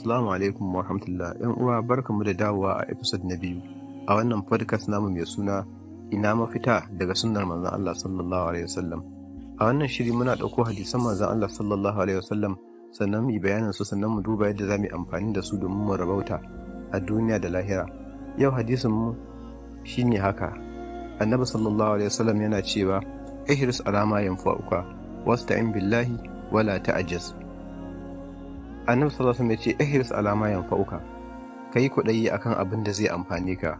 Assalamu alaikum wa rahmatullah. ‘Yan uwa barkamu da dawowa a episode na biyu a wannan podcast namu mai suna ina mafita daga sunnar manzan Allah sallallahu alaihi wasallam. A wannan shiri muna ɗauko hadisan manzan Allah sallallahu alaihi wasallam sannan mu yi bayanin su sannan mu duba yadda za mu yi amfani da su domin mu rabauta a duniya da lahira. Yau hadisin mu shine haka. Annabi sallallahu alaihi wasallam yana cewa ihris alama yanfa'uka wasta'in billahi wala ta'jaz annabi sallallahu alaihi ce ihris alama yanfa'uka kai kudayi akan abin da zai amfane ka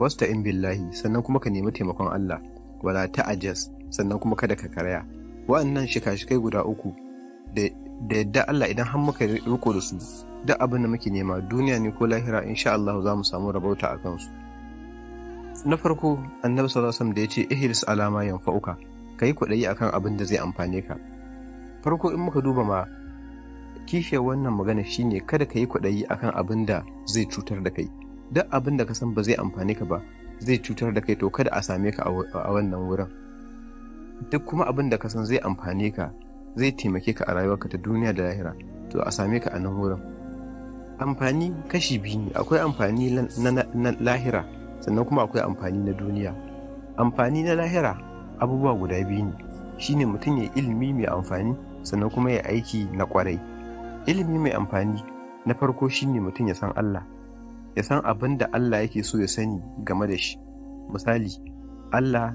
wasta in billahi sannan kuma ka nemi taimakon Allah wala jaz, sannan kuma kada ka karaya wa'annan shika-shikai guda uku da yadda Allah idan har muka riko da su duk abin da muke nema duniya ne ko lahira insha Allah za mu samu rabauta a kansu na farko annabi sallallahu alaihi wasallam da yace ihris alama yanfa'uka kai kudayi akan abin da zai amfane ka farko in muka duba ma kishiyar wannan magana shine kada ka yi kwaɗayi akan abin da zai cutar da kai duk abin da ka san ba zai amfani ka ba zai cutar da kai to kada a same ka a wannan wurin duk kuma abin da ka san zai amfani ka zai taimake ka a rayuwarka ta duniya da lahira to a same ka a nan wurin amfani kashi biyu ne akwai amfani na lahira sannan kuma akwai amfani na duniya amfani na lahira abubuwa guda biyu ne shine mutum ya ilimi mai amfani sannan kuma ya aiki na kwarai ilimi mai amfani na farko shine mutum ya san Allah ya san abin da Allah yake so ya sani game da shi misali Allah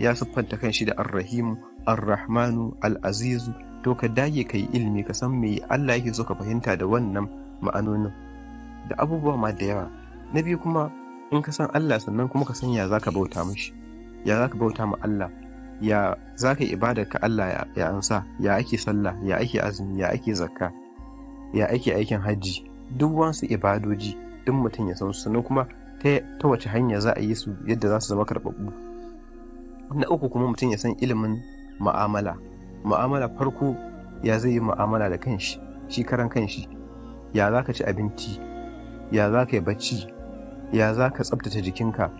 ya siffanta kanshi da arrahimu arrahmanu aziz to ka dage ka ilimi ka san me Allah yake so ka fahimta da wannan ma'anonin da abubuwa ma da yawa na biyu kuma in ka san Allah sannan kuma ka san ya za bauta mishi ya zaka bauta ma Allah ya za ka ibada ka Allah ya ansa ya ake sallah ya ake azumi ya ake zakka ya ake aikin hajji duk wasu ibadoji duk mutum ya san su sannan kuma ta wace hanya za a yi su yadda za su zama karɓaɓɓu na uku kuma mutum ya san ilimin ma'amala ma'amala farko ya zai yi ma'amala da kanshi shi karan kanshi ya za ka ci abinci ya za ka yi bacci ya za ka tsabtace jikinka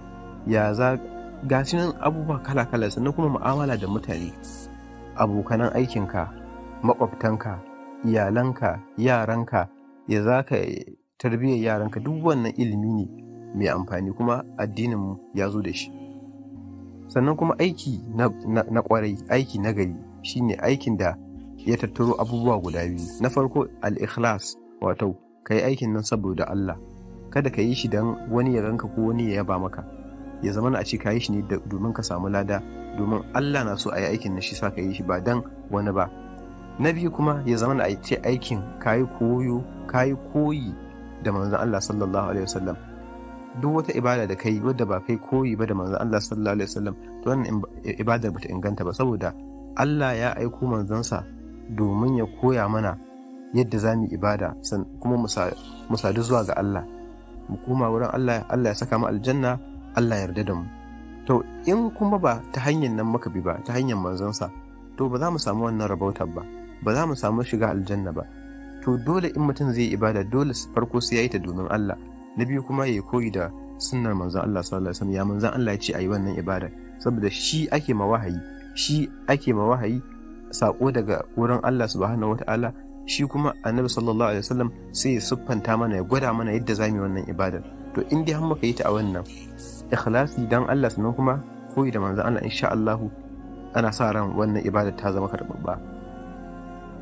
ya za ga shi nan abubuwa kala-kala sannan kuma mu'amala da mutane abokanan aikinka makwabtanka iyalanka yaranka ya za ka tarbiyyar yaranka duk wannan ilimi ne mai amfani kuma addinin ya zo da shi sannan kuma aiki na kwarai aiki na gari shine aikin da ya tattaro abubuwa guda biyu na farko al-ikhlas wato ka yi aikin nan saboda Allah kada ka yi shi don wani ya ranka ko wani ya yaba maka ya zama a ce ka yi shi ne domin ka samu lada domin Allah na so a yi aikin na shi sa ka yi shi ba dan wani ba na biyu kuma ya zama a ce aikin ka yi koyo kayi koyi da manzon Allah sallallahu alaihi wasallam duk wata ibada da kai wadda ba kai koyi ba da manzon Allah sallallahu alaihi wasallam to wannan ba bata inganta ba saboda Allah ya aiko manzansa domin ya koya mana yadda za mu ibada kuma mu sadu zuwa ga Allah mu koma wurin Allah Allah ya saka mu aljanna Allah yarda da mu to in kuma ba ta hanyar nan muka bi ba ta hanyar manzonsa to ba za mu samu wannan rabautar ba ba za mu samu shiga aljanna ba to dole in mutum zai ibada dole farko sai yayi ta domin Allah na biyu kuma yayi koyi da sunnar manzon Allah sallallahu alaihi wasallam ya manzon Allah ya ce ayi wannan ibada saboda shi ake ma wahayi shi ake ma wahayi sako daga wurin Allah subhanahu wataala shi kuma annabi sallallahu alaihi wasallam sai ya siffanta mana ya gwada mana yadda zamu yi wannan ibada to in dai har muka yi ta a wannan ikhlasi dan Allah sannan kuma koyi da manzo Allah insha Allah ana sa ran wannan ibada ta zama karɓaɓɓa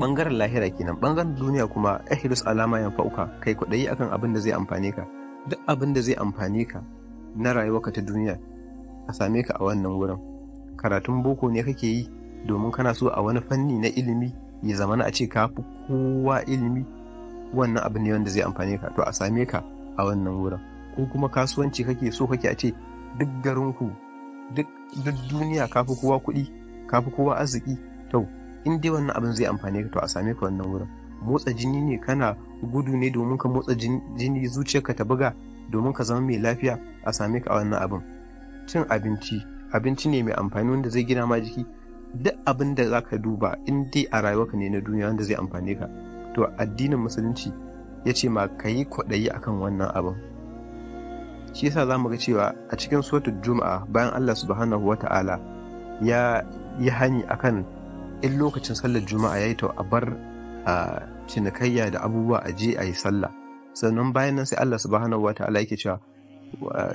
bangaren lahira kenan bangaren duniya kuma ihlus alama yan fauka kai kudayi akan abin da zai amfane ka duk abin da zai amfane ka na rayuwarka ta duniya a same ka a wannan wurin karatun boko ne kake yi domin kana so a wani fanni na ilimi ya zamana a ce ka fi kowa ilimi wannan abu ne wanda zai amfane ka to a same ka a wannan wurin ko kuma kasuwanci kake so kake a ce duk garinku duk duniya kafi kowa kuɗi kafi kowa arziki to in dai wannan abin zai amfane ka to a same ka wannan wurin motsa jini ne kana gudu ne domin ka motsa jini zuciyarka ta buga domin ka zama mai lafiya a same ka a wannan abin cin abinci abinci ne mai amfani wanda zai gina ma jiki duk abin da zaka duba in dai a rayuwarka ne na duniya wanda zai amfane ka to addinin musulunci ya ce ma ka yi kwaɗayi akan wannan abin shi yasa za mu ga cewa a cikin suratul juma'a bayan Allah subhanahu wa ta'ala ya yi hani akan in lokacin sallar juma'a ya yi to a bar cinikayya da abubuwa a je a yi sallah sannan bayan nan sai Allah subhanahu wa ta'ala yake cewa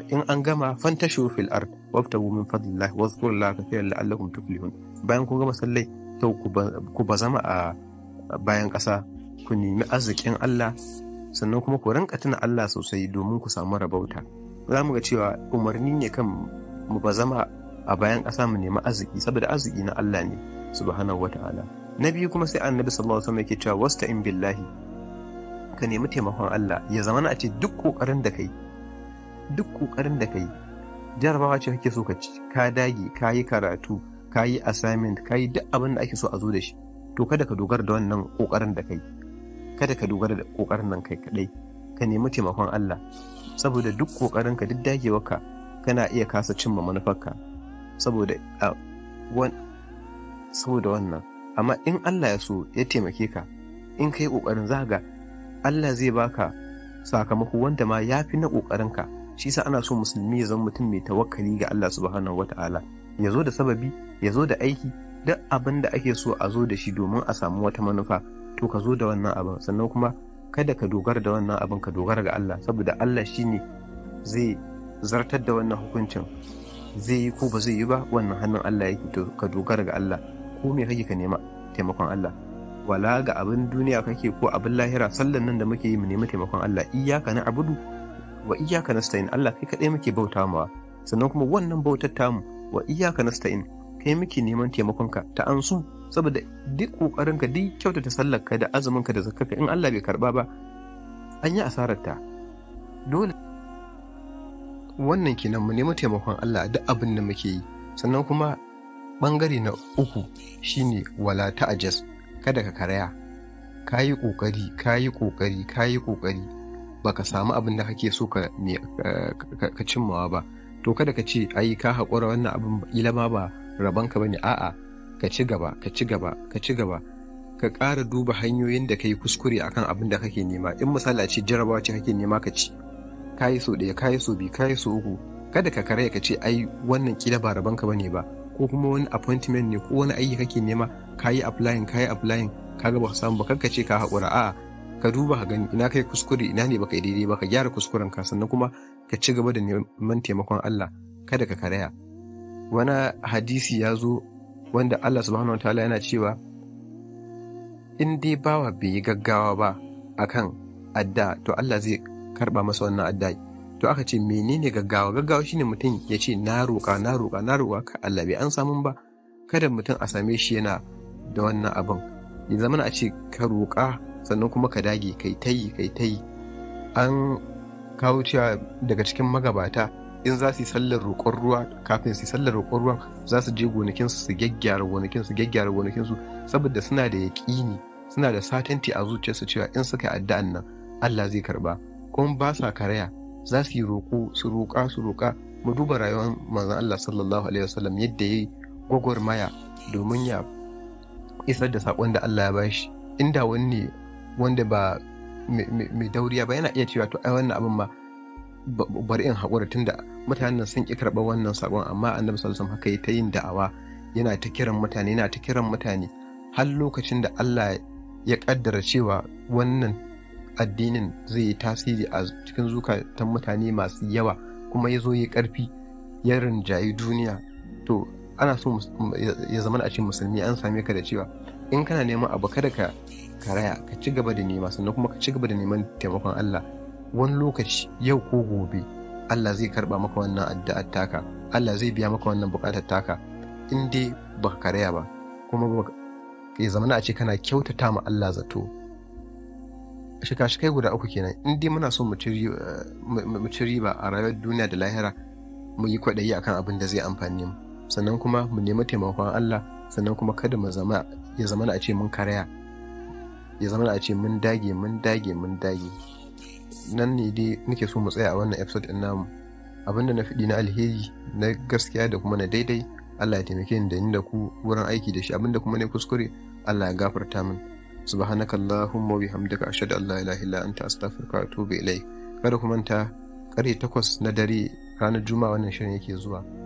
in an gama fantashu fil ard wabtagu min fadlillah wadhkurullaha kathiran la'allakum tuflihun bayan kun gama sallai to ku ba zama a bayan ƙasa ku nemi arzikin Allah sannan kuma ku rinka tuna Allah sosai domin ku samu rabauta. za mu ga cewa umarni ne kan mu ba zama a bayan ƙasa mu nemi arziki saboda arziki na Allah ne subhanahu wata'ala na biyu kuma sai annabi sallallahu alaihi wasallam yake cewa in billahi ka nemi taimakon Allah ya zama a ce duk kokarin da kai duk kokarin da kai jarabawa ce kake so ka ci ka dage ka yi karatu ka yi assignment ka yi duk abin da ake so a zo da shi to kada ka dogara da wannan kokarin da kai kada ka dogara da kokarin nan kai kadai ka nemi taimakon Allah saboda duk ƙoƙarinka duk dagewarka kana iya kasa cimma manufarka saboda saboda wannan amma in Allah ya so ya taimake ka in ka yi ƙoƙarin zaga Allah zai baka sakamako wanda ma ya fi na ka shi sa ana so musulmi ya zama mutum mai tawakkali ga Allah subhanahu wata'ala ya zo da sababi ya zo da aiki duk abin da ake so a zo da shi domin a samu wata manufa to ka zo da wannan abin sannan kuma kada ka dogara da wannan abin ka dogara ga Allah saboda Allah shine zai zartar da wannan hukuncin zai yi ko ba zai yi ba wannan hannun Allah yake to ka dogara ga Allah ko me kake ka nema taimakon Allah wala ga abin duniya kake ko abin lahira sallan nan da muke yi mu nemi taimakon Allah iyyaka abudu wa iyyaka nasta'in Allah kai kadai muke bauta mawa sannan kuma wannan bautar tamu wa iyyaka nasta'in kai muke neman taimakon ka ta ansu saboda duk kokarin ka duk kyautata sallar ka da azumin ka da zakkar in Allah bai karba ba an yi asarar ta dole wannan kenan mu nemi taimakon Allah duk abin da muke yi sannan kuma bangare na uku shine wala ta'ajas kada ka karaya kayi yi kokari ka yi kokari ka kokari baka samu abin da kake so ka ka cimmawa ba to kada ka ce ai ka haƙura wannan abin ilama ba rabon bane a'a ka ci gaba ka ci gaba ka ci gaba ka ƙara duba hanyoyin da ka yi kuskure akan abin da kake nema in misali a ce jarabawa ce kake nema ka ci ka yi so ɗaya ka yi so biyu ka yi so uku kada ka karaya ka ce ai wannan kila ba rabon ka bane ba ko kuma wani appointment ne ko wani aiki kake nema ka yi applying ka yi applying ka ga ba samu ba ka ce ka haƙura a'a ka duba ka gani ina kai kuskure ina ne baka daidai ba ka gyara kuskuren ka sannan kuma ka ci gaba da neman taimakon Allah kada ka karaya wani hadisi ya zo wanda Allah subhanahu wa ta'ala yana cewa in dai bawa bai yi gaggawa ba akan adda to Allah zai karba masa wannan adda to aka ce menene gaggawa gaggawa shine mutum ya ce na roƙa na roƙa na roƙa ka Allah bai an samu ba kada mutum a same shi yana da wannan abin ya zama a ce ka roƙa sannan kuma ka dage kai tayi yi kai ta an kawo cewa daga cikin magabata in za su yi sallar roƙon ruwa kafin su yi sallar roƙon ruwa za su je gonakin su gyaggyara gonakin su gyaggyara gonakin su saboda suna da yaƙini suna da satanti a zuciyarsu cewa in suka yi addu'an nan Allah zai karba kuma ba sa karaya za su yi roƙo su roƙa su roƙa mu duba rayuwar manzon Allah sallallahu alaihi wasallam yadda yayi gwagwarmaya domin ya isar da saƙon da Allah ya bashi inda wani wanda ba mai dauriya ba yana iya cewa to ai wannan abin ma bari in haƙura tunda mutanen sun ki karɓar wannan sakon amma annabi sallallahu alaihi haka ta yin da'awa yana ta kiran mutane yana ta kiran mutane har lokacin da Allah ya kaddara cewa wannan addinin zai yi tasiri a cikin zukatan mutane masu yawa kuma ya zo ya karfi ya rinjayi duniya to ana so ya zama a cikin musulmi an same ka da cewa in kana neman abu kada ka karaya ka ci gaba da nema sannan kuma ka ci gaba da neman taimakon Allah wani lokaci yau ko gobe Allah zai karba maka wannan addu'ar taka Allah zai biya maka wannan buƙatar taka in dai baka karaya ba kuma ya zamana a ce kana kyautata ma Allah zato shika-shikai guda uku kenan in dai muna so mu ci eh, riba a rayuwar duniya da lahira mu yi kwaɗayi akan abin da zai amfani mu sannan kuma mu nemi taimakon Allah sannan kuma kada mu zama ya zamana a ce mun karaya ya zamana a ce mun dage mun dage mun dage nan ne dai nake so mu tsaya a wannan episode din namu abinda na fidi na alheri na gaskiya da kuma na daidai Allah ya taimake ni da ni da ku wurin aiki da shi abinda kuma ne kuskure Allah ya gafarta min subhanakallahumma wa bihamdika ashhadu an la ilaha illa anta astaghfiruka wa atubu ilayk kada ku manta kare takwas na dare ranar juma'a wannan shirin yake zuwa